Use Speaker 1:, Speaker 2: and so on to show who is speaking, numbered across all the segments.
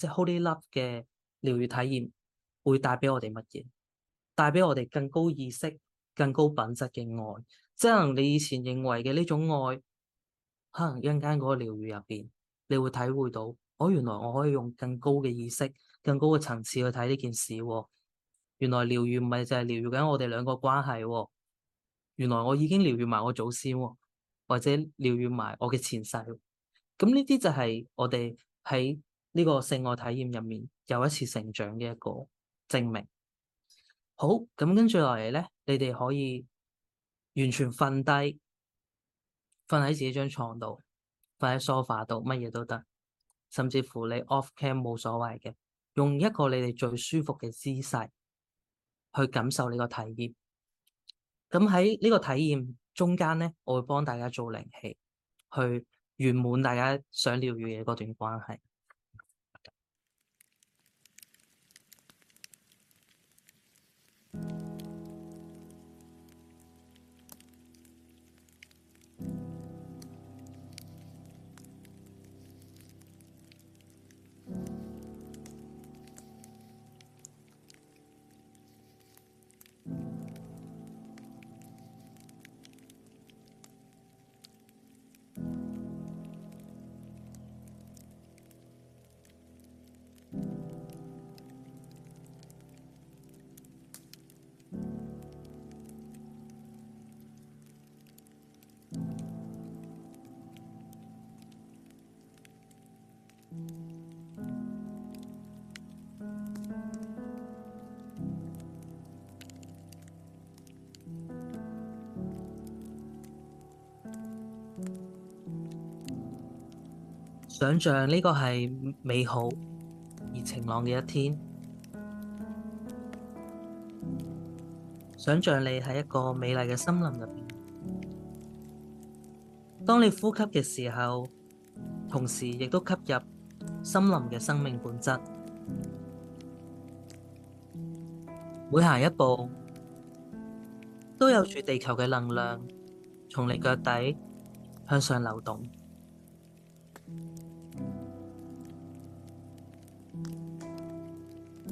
Speaker 1: 即係 hold 啲粒嘅療愈體驗，會帶俾我哋乜嘢？帶俾我哋更高意識、更高品質嘅愛。即係可能你以前認為嘅呢種愛，可能一間嗰個療愈入邊，你會體會到，哦，原來我可以用更高嘅意識、更高嘅層次去睇呢件事喎，哦。原來療愈唔係就係療愈緊我哋兩個關係喎，哦。原來我已經療愈埋我祖先喎，哦，或者療愈埋我嘅前世、哦。咁呢啲就係我哋喺～呢個聖愛體驗入面，又一次成長嘅一個證明。好，咁跟住落嚟咧，你哋可以完全瞓低，瞓喺自己張床度，瞓喺梳化度，乜嘢都得，甚至乎你 off cam 冇所謂嘅，用一個你哋最舒服嘅姿勢去感受呢個體驗。咁喺呢個體驗中間咧，我會幫大家做靈氣，去圓滿大家想療愈嘅嗰段關係。想象呢個係美好而晴朗嘅一天，想象你喺一個美麗嘅森林入邊。當你呼吸嘅時候，同時亦都吸入森林嘅生命本質。每行一步都有住地球嘅能量從你腳底向上流動。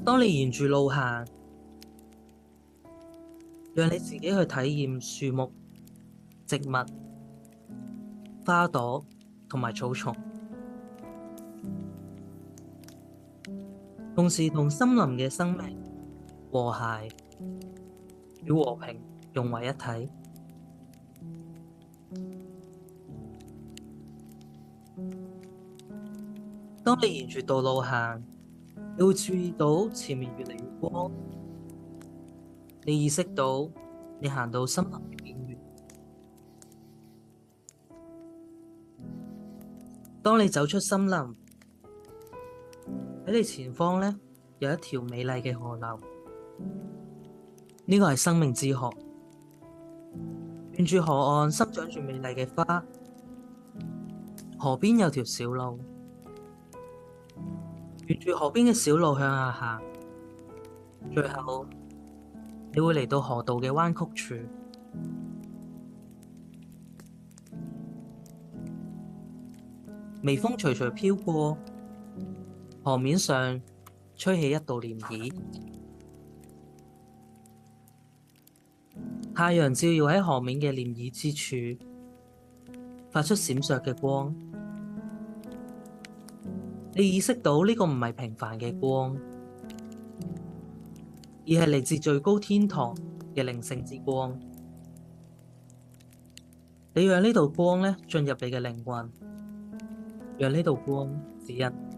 Speaker 1: 當你沿住路行，讓你自己去體驗樹木、植物、花朵同埋草叢，同時同森林嘅生命和諧與和平融為一體。當你沿住道路行。你要注意到前面越嚟越光，你意識到你行到森林嘅邊緣。當你走出森林，喺你前方呢有一條美麗嘅河流，呢個係生命之河。沿住河岸生長住美麗嘅花，河邊有條小路。沿住河邊嘅小路向下行，最後，你會嚟到河道嘅彎曲處。微風徐徐飄過，河面上吹起一道漣漪。太陽照耀喺河面嘅漣漪之處，發出閃爍嘅光。你意識到呢個唔係平凡嘅光，而係嚟自最高天堂嘅靈性之光。你讓呢道光呢進入你嘅靈魂，讓呢道光指引。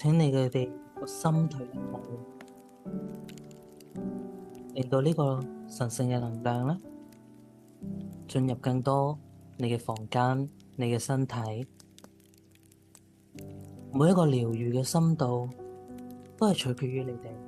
Speaker 1: 請你哋嘅心態好，令到呢個神聖嘅能量咧，進入更多你嘅房間、你嘅身體，每一個療癒嘅深度都係取決於你哋。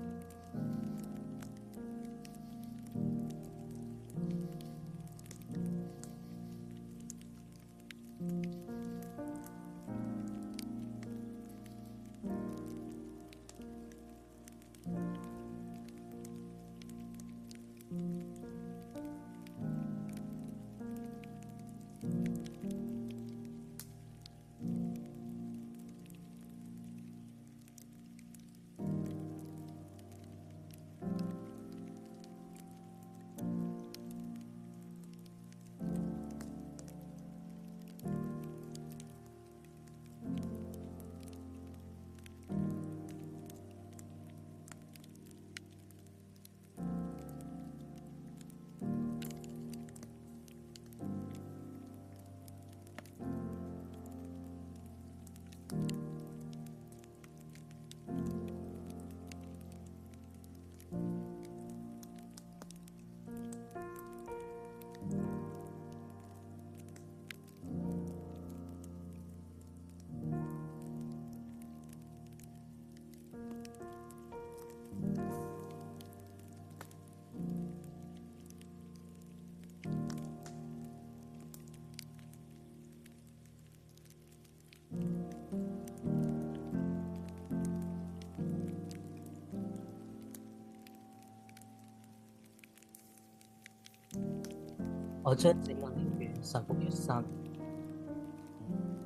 Speaker 1: 我將整個靈願臣服於神、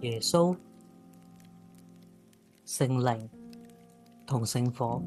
Speaker 1: 耶穌、聖靈同聖火。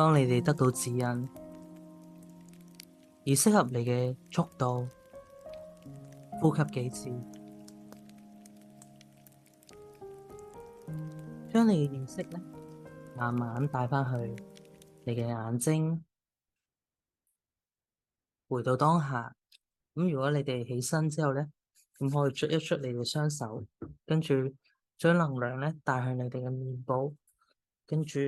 Speaker 1: 當你哋得到指引，而適合你嘅速度，呼吸幾次，將你嘅意識咧，慢慢帶翻去你嘅眼睛，回到當下。咁如果你哋起身之後咧，咁可以捽一捽你嘅雙手，跟住將能量咧帶向你哋嘅面部。跟住，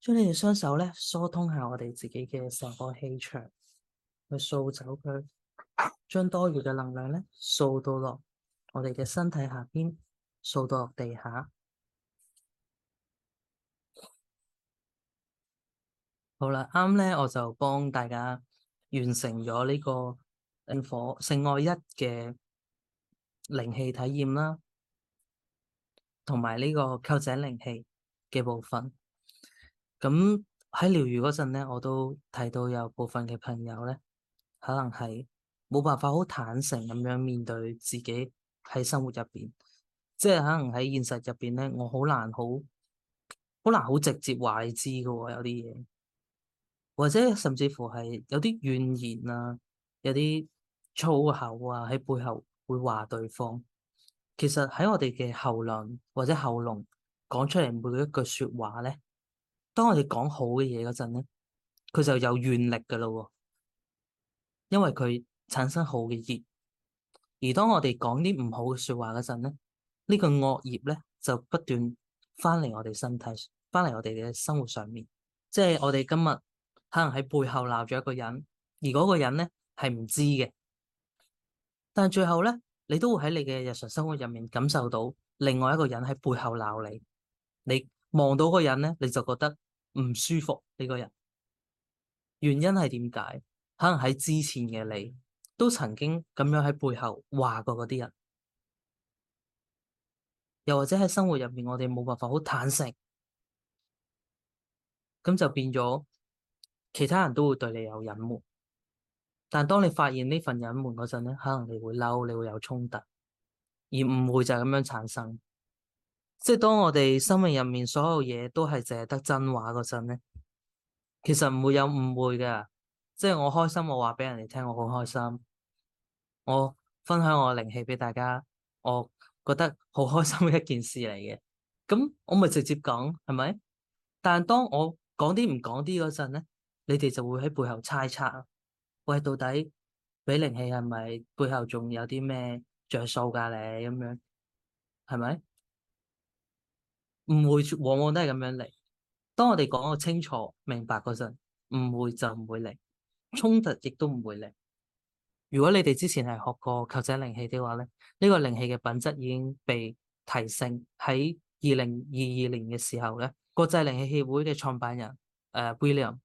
Speaker 1: 將呢對雙手咧疏通下我哋自己嘅成個氣場，去掃走佢，將多餘嘅能量咧掃到落我哋嘅身體下邊，掃到落地下。好啦，啱咧，我就幫大家完成咗呢、這個火聖愛一嘅靈氣體驗啦，同埋呢個臼井靈氣。嘅部分，咁喺療癒嗰陣咧，我都提到有部分嘅朋友咧，可能係冇辦法好坦誠咁樣面對自己喺生活入邊，即係可能喺現實入邊咧，我好難好好難好直接話你知㗎喎，有啲嘢，或者甚至乎係有啲怨言啊，有啲粗口啊，喺背後會話對方，其實喺我哋嘅喉嚨或者喉嚨。講出嚟每一句說話咧，當我哋講好嘅嘢嗰陣咧，佢就有願力噶啦喎，因為佢產生好嘅業。而當我哋講啲唔好嘅說話嗰陣咧，呢個惡業咧就不斷翻嚟我哋身體，翻嚟我哋嘅生活上面。即係我哋今日可能喺背後鬧咗一個人，而嗰個人咧係唔知嘅，但係最後咧，你都會喺你嘅日常生活入面感受到另外一個人喺背後鬧你。你望到個人咧，你就覺得唔舒服呢個人。原因係點解？可能喺之前嘅你都曾經咁樣喺背後話過嗰啲人，又或者喺生活入面，我哋冇辦法好坦誠，咁就變咗其他人都會對你有隱瞞。但係當你發現呢份隱瞞嗰陣咧，可能你會嬲，你會有衝突，而誤會就係咁樣產生。即係當我哋生命入面所有嘢都係淨係得真話嗰陣咧，其實唔會有誤會嘅。即係我開心，我話俾人哋聽，我好開心，我分享我靈氣俾大家，我覺得好開心嘅一件事嚟嘅。咁我咪直接講，係咪？但係當我講啲唔講啲嗰陣咧，你哋就會喺背後猜測，喂，到底俾靈氣係咪背後仲有啲咩着數噶？你咁樣，係咪？誤會往往都係咁樣嚟。當我哋講個清楚、明白嗰陣，誤會就唔會嚟，衝突亦都唔會嚟。如果你哋之前係學過求者靈氣嘅話咧，呢個靈氣嘅品質已經被提升。喺二零二二年嘅時候咧，國際靈氣協會嘅創辦人誒 William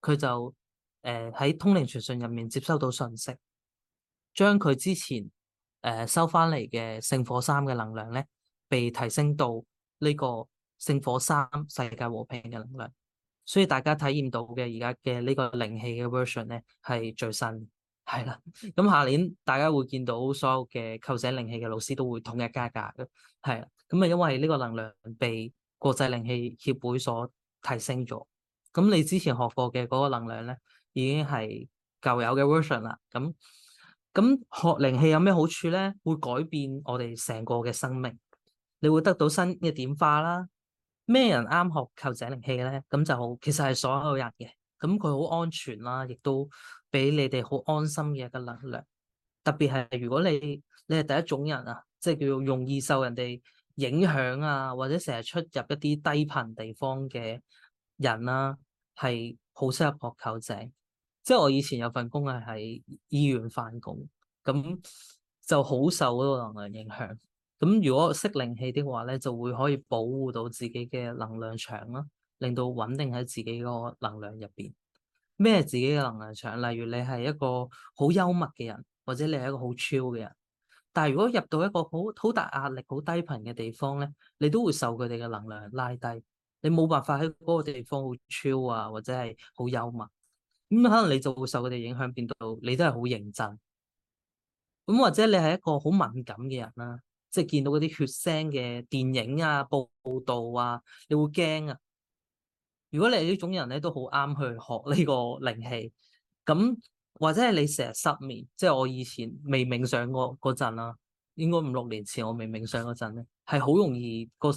Speaker 1: 佢就誒喺通靈傳訊入面接收到信息，將佢之前誒收翻嚟嘅聖火三嘅能量咧，被提升到。呢個聖火三世界和平嘅能量，所以大家體驗到嘅而家嘅呢個靈氣嘅 version 咧係最新，係啦。咁下年大家會見到所有嘅臼井靈氣嘅老師都會統一加價嘅，係啊。咁啊，因為呢個能量被國際靈氣協會所提升咗，咁你之前學過嘅嗰個能量咧已經係舊有嘅 version 啦。咁咁學靈氣有咩好處咧？會改變我哋成個嘅生命。你會得到新嘅點化啦。咩人啱學臼井靈氣咧？咁就好，其實係所有人嘅。咁佢好安全啦、啊，亦都俾你哋好安心嘅一個能量。特別係如果你你係第一種人啊，即係叫容易受人哋影響啊，或者成日出入一啲低頻地方嘅人啦、啊，係好適合學臼井。即係我以前有份工係喺醫院翻工，咁就好受嗰個能量影響。咁如果識靈氣的話咧，就會可以保護到自己嘅能量場啦，令到穩定喺自己個能量入邊。咩自己嘅能量場？例如你係一個好幽默嘅人，或者你係一個好超嘅人。但係如果入到一個好好大壓力、好低頻嘅地方咧，你都會受佢哋嘅能量拉低。你冇辦法喺嗰個地方好超啊，或者係好幽默。咁、嗯、可能你就會受佢哋影響，變到你都係好認真。咁、嗯、或者你係一個好敏感嘅人啦。即係見到嗰啲血腥嘅電影啊、報道啊，你會驚啊！如果你係呢種人咧，都好啱去學呢個靈氣。咁或者係你成日失眠，即係我以前未冥想過嗰陣啦，應該五六年前我未冥想嗰陣咧，係好容易個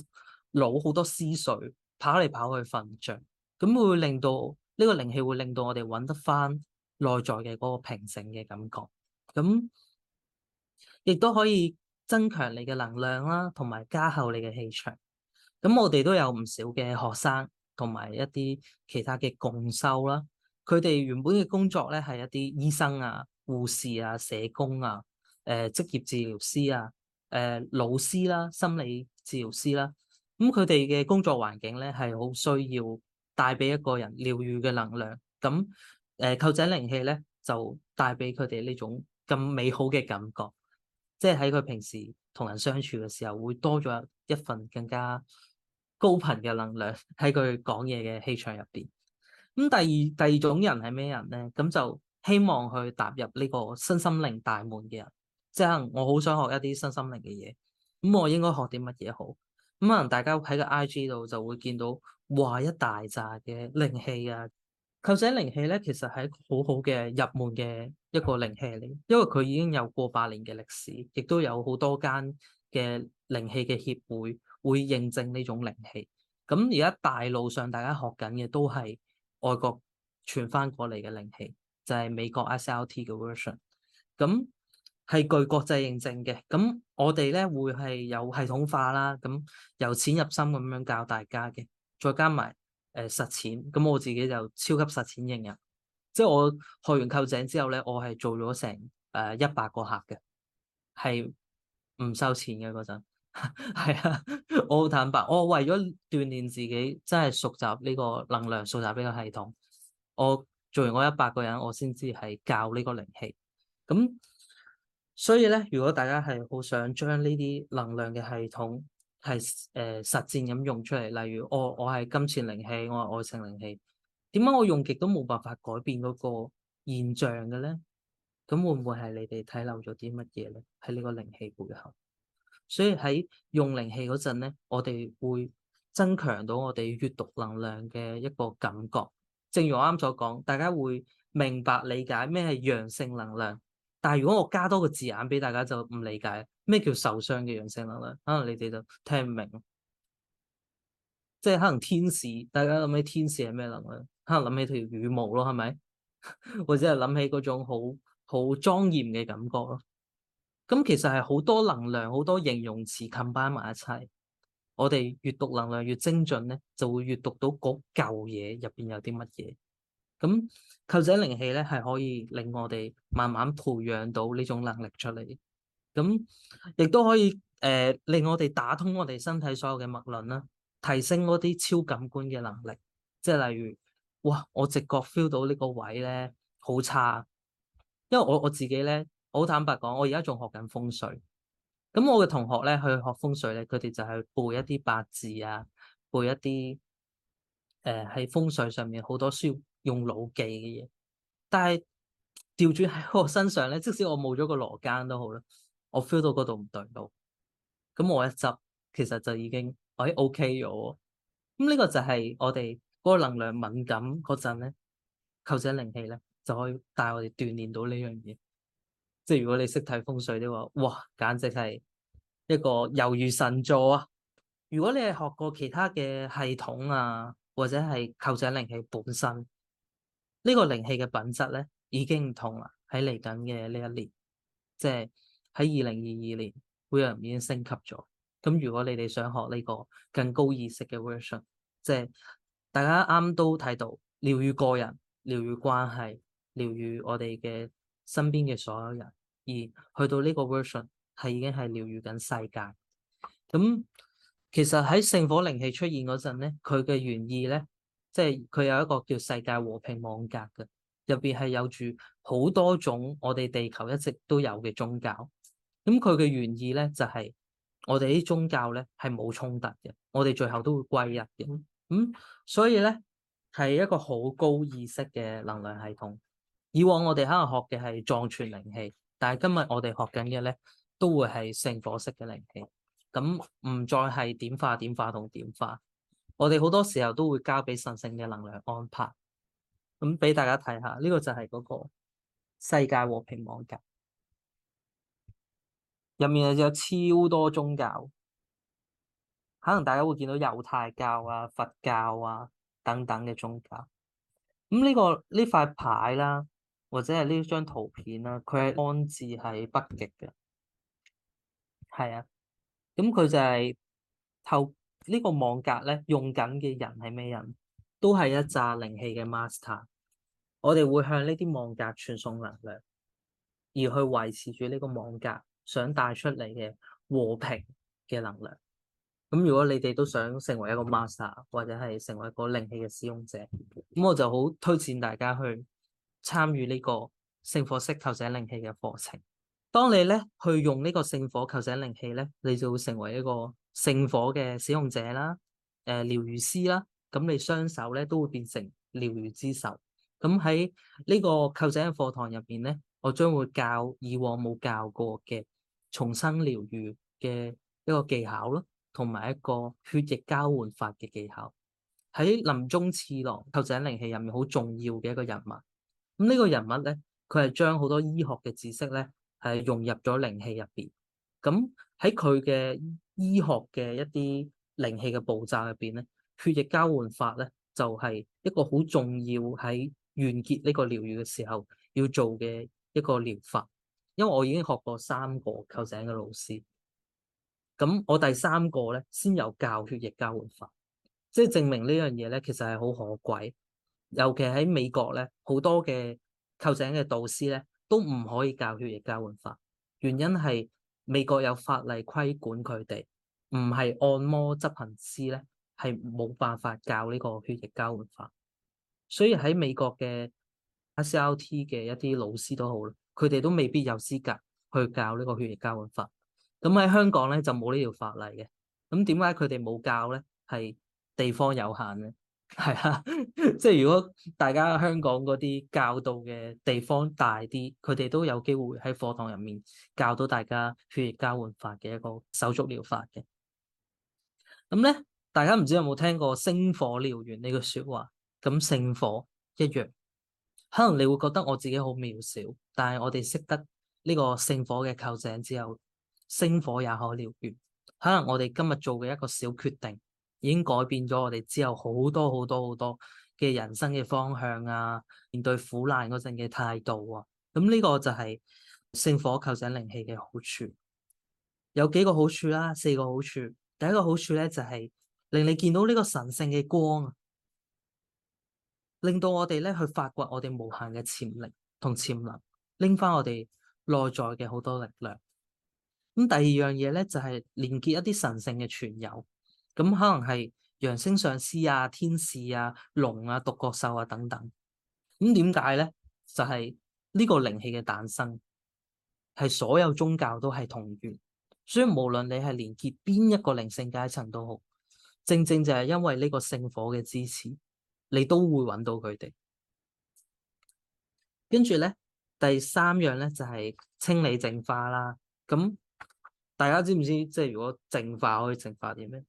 Speaker 1: 腦好多思緒跑嚟跑去瞓着，咁會令到呢個靈氣會令到我哋搵得返內在嘅嗰個平靜嘅感覺，咁亦都可以。增強你嘅能量啦，同埋加厚你嘅氣場。咁我哋都有唔少嘅學生，同埋一啲其他嘅共修啦。佢哋原本嘅工作咧，係一啲醫生啊、護士啊、社工啊、誒、呃、職業治療師啊、誒、呃、老師啦、啊、心理治療師啦、啊。咁佢哋嘅工作環境咧，係好需要帶俾一個人療癒嘅能量。咁誒臼井靈氣咧，就帶俾佢哋呢種咁美好嘅感覺。即係喺佢平時同人相處嘅時候，會多咗一份更加高頻嘅能量喺佢講嘢嘅氣場入邊。咁第二第二種人係咩人咧？咁就希望去踏入呢個身心靈大門嘅人，即係我好想學一啲身心靈嘅嘢。咁我應該學啲乜嘢好？咁可能大家喺個 IG 度就會見到哇，一大扎嘅靈氣啊！臼井靈氣咧，其實係一個好好嘅入門嘅一個靈氣嚟，因為佢已經有過百年嘅歷史，亦都有好多間嘅靈氣嘅協會會認證呢種靈氣。咁而家大路上大家學緊嘅都係外國傳翻過嚟嘅靈氣，就係、是、美國 SLT 嘅 version。咁係據國際認證嘅。咁我哋咧會係有系統化啦，咁由淺入深咁樣教大家嘅，再加埋。誒實踐，咁我自己就超級實踐型人。即係我學完購井之後咧，我係做咗成誒一百個客嘅，係唔收錢嘅嗰陣，係 啊，我好坦白，我為咗鍛鍊自己，真係熟習呢個能量，熟習呢個系統，我做完我一百個人，我先知係教呢個靈氣，咁所以咧，如果大家係好想將呢啲能量嘅系統，係誒、呃、實戰咁用出嚟，例如我我係金錢靈氣，我係愛情靈氣，點解我用極都冇辦法改變嗰個現象嘅咧？咁會唔會係你哋睇漏咗啲乜嘢咧？喺呢個靈氣背後，所以喺用靈氣嗰陣咧，我哋會增強到我哋閲讀能量嘅一個感覺。正如我啱所講，大家會明白理解咩係陽性能量，但係如果我加多個字眼俾大家就唔理解。咩叫受傷嘅陽性能量？可能你哋就聽唔明，即係可能天使，大家諗起天使係咩能量？可能諗起條羽毛咯，係咪？ 或者係諗起嗰種好好莊嚴嘅感覺咯。咁、嗯、其實係好多能量，好多形容詞冚巴埋一齊。我哋閲讀能量越精準咧，就會閲讀到嗰嚿嘢入邊有啲乜嘢。咁、嗯、求者靈氣咧，係可以令我哋慢慢培養到呢種能力出嚟。咁亦都可以誒、呃、令我哋打通我哋身體所有嘅脈輪啦，提升嗰啲超感官嘅能力。即係例如，哇！我直覺 feel 到呢個位咧，好差，因為我我自己咧，好坦白講，我而家仲學緊風水。咁我嘅同學咧去學風水咧，佢哋就係背一啲八字啊，背一啲誒喺風水上面好多需要用腦記嘅嘢。但係調轉喺我身上咧，即使我冇咗個羅庚都好啦。我 feel 到嗰度唔對到，咁我一執其實就已經可 OK 咗。咁呢個就係我哋嗰個能量敏感嗰陣咧，臼井靈氣咧就可以帶我哋鍛鍊到呢樣嘢。即係如果你識睇風水的話，哇，簡直係一個猶如神助啊！如果你係學過其他嘅系統啊，或者係臼井靈氣本身，呢個靈氣嘅品質咧已經唔同啦。喺嚟緊嘅呢一年，即係。喺二零二二年，會有人已經升級咗。咁如果你哋想學呢個更高意識嘅 version，即係大家啱都睇到療愈個人、療愈關係、療愈我哋嘅身邊嘅所有人，而去到呢個 version 係已經係療愈緊世界。咁其實喺聖火靈氣出現嗰陣咧，佢嘅原意咧，即係佢有一個叫世界和平網格嘅，入邊係有住好多種我哋地球一直都有嘅宗教。咁佢嘅原意咧，就係、係、我哋啲宗教咧係冇衝突嘅，我哋最後都會歸入嘅。咁、嗯、所以咧係一個好高意識嘅能量系統。以往我哋可能學嘅係藏傳靈氣，但係今日我哋學緊嘅咧都會係聖火式嘅靈氣。咁唔再係點化、點化同點化，我哋好多時候都會交俾神聖嘅能量安排。咁俾大家睇下，呢、呢個就係嗰個世界和平網格。入面又有超多宗教，可能大家會見到猶太教啊、佛教啊等等嘅宗教。咁、嗯、呢、這個呢塊牌啦，或者係呢張圖片啦、啊，佢係安置喺北極嘅，係啊。咁、嗯、佢就係、是、透、這個、呢個網格咧，用緊嘅人係咩人？都係一紮靈氣嘅 master。我哋會向呢啲網格傳送能量，而去維持住呢個網格。想帶出嚟嘅和平嘅能量，咁如果你哋都想成為一個 master 或者係成為一個靈氣嘅使用者，咁我就好推薦大家去參與呢個聖火式臼井靈氣嘅課程。當你咧去用呢個聖火臼井靈氣咧，你就會成為一個聖火嘅使用者啦，誒、呃、療愈師啦，咁你雙手咧都會變成療愈之手。咁喺呢個臼井嘅課堂入邊咧，我將會教以往冇教過嘅重生療愈嘅一個技巧咯，同埋一個血液交換法嘅技巧，喺林忠次郎臼井靈氣入面好重要嘅一個人物。咁呢個人物咧，佢係將好多醫學嘅知識咧，係融入咗靈氣入邊。咁喺佢嘅醫學嘅一啲靈氣嘅步驟入邊咧，血液交換法咧就係一個好重要喺完結呢個療愈嘅時候要做嘅一個療法。因為我已經學過三個臼井嘅老師，咁我第三個咧先有教血液交換法，即係證明呢樣嘢咧其實係好可貴。尤其喺美國咧，好多嘅臼井嘅導師咧都唔可以教血液交換法，原因係美國有法例規管佢哋，唔係按摩執行師咧係冇辦法教呢個血液交換法。所以喺美國嘅 SLT 嘅一啲老師都好啦。佢哋都未必有資格去教呢個血液交換法，咁喺香港咧就冇呢條法例嘅。咁點解佢哋冇教咧？係地方有限咧，係 啊，即係如果大家香港嗰啲教導嘅地方大啲，佢哋都有機會喺課堂入面教到大家血液交換法嘅一個手足療法嘅。咁咧，大家唔知有冇聽過「星火燎原」呢個説話？咁聖火一樣。可能你會覺得我自己好渺小，但係我哋識得呢個聖火嘅扣井之後，星火也可燎原。可能我哋今日做嘅一個小決定，已經改變咗我哋之後好多好多好多嘅人生嘅方向啊！面對苦難嗰陣嘅態度啊，咁呢個就係聖火扣井靈氣嘅好處，有幾個好處啦、啊，四個好處。第一個好處咧就係、是、令你見到呢個神聖嘅光啊！令到我哋咧去發掘我哋無限嘅潛力同潛能，拎翻我哋內在嘅好多力量。咁第二樣嘢咧就係、是、連結一啲神聖嘅存有，咁可能係揚升上師啊、天使啊、龍啊、獨角獸啊等等。咁點解咧？就係、是、呢個靈氣嘅誕生係所有宗教都係同源，所以無論你係連結邊一個靈性階層都好，正正就係因為呢個聖火嘅支持。你都會揾到佢哋。跟住咧，第三樣咧就係、是、清理淨化啦。咁大家知唔知？即係如果淨化可以淨化啲咩？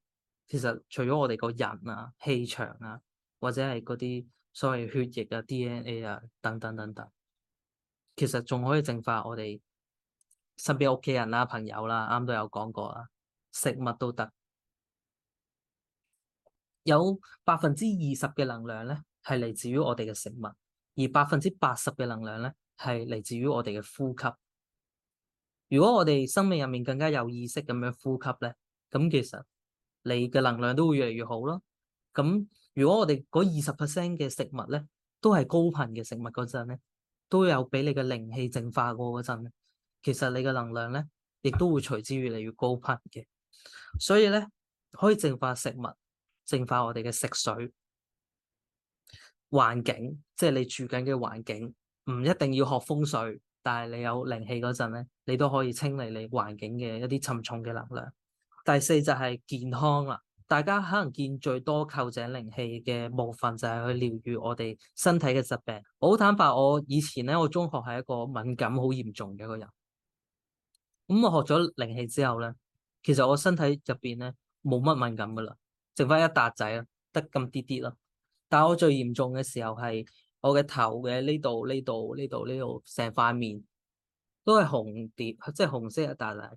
Speaker 1: 其實除咗我哋個人啊、氣場啊，或者係嗰啲所謂血液啊、DNA 啊等等等等，其實仲可以淨化我哋身邊屋企人啦、啊、朋友啦、啊。啱都有講過啊，食物都得。有百分之二十嘅能量咧，係嚟自於我哋嘅食物，而百分之八十嘅能量咧，係嚟自於我哋嘅呼吸。如果我哋生命入面更加有意識咁樣呼吸咧，咁其實你嘅能量都會越嚟越好咯。咁如果我哋嗰二十 percent 嘅食物咧，都係高頻嘅食物嗰陣咧，都有俾你嘅靈氣淨化過嗰陣咧，其實你嘅能量咧，亦都會隨之越嚟越高頻嘅。所以咧，可以淨化食物。淨化我哋嘅食水環境，即係你住緊嘅環境，唔一定要學風水，但係你有靈氣嗰陣咧，你都可以清理你環境嘅一啲沉重嘅能量。第四就係健康啦，大家可能見最多臼井靈氣嘅部分就係去療愈我哋身體嘅疾病。我好坦白，我以前咧，我中學係一個敏感好嚴重嘅一個人。咁我學咗靈氣之後咧，其實我身體入邊咧冇乜敏感噶啦。剩翻一笪仔咯，得咁啲啲咯。但我最嚴重嘅時候係我嘅頭嘅呢度，呢度，呢度，呢度，成塊面都係紅啲，即係紅色一笪笪，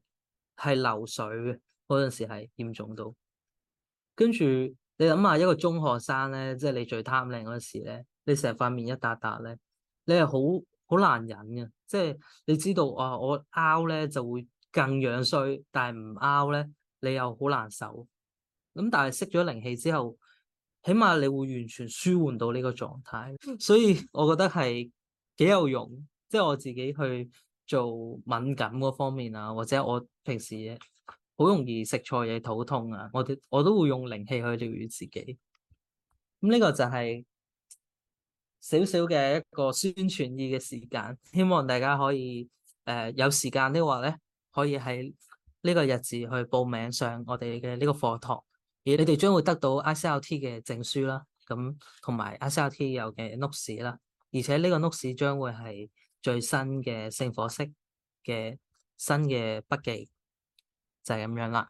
Speaker 1: 係流水嘅。嗰陣時係嚴重到。跟住你諗下，一個中學生咧，即係你最貪靚嗰時咧，你成塊面一笪笪咧，你係好好難忍嘅，即係你知道啊，我拗咧就會更樣衰，但係唔拗咧，你又好難受。咁但係熄咗靈氣之後，起碼你會完全舒緩到呢個狀態，所以我覺得係幾有用。即係我自己去做敏感嗰方面啊，或者我平時好容易食錯嘢肚痛啊，我我都會用靈氣去療癒自己。咁呢個就係少少嘅一個宣傳意嘅時間，希望大家可以誒有時間的話咧，可以喺呢個日子去報名上我哋嘅呢個課堂。而你哋將會得到 ICRT 嘅證書啦，咁同埋 ICRT 有嘅 notes 啦，而且呢個 notes 將會係最新嘅聖火式嘅新嘅筆記，就係、是、咁樣啦。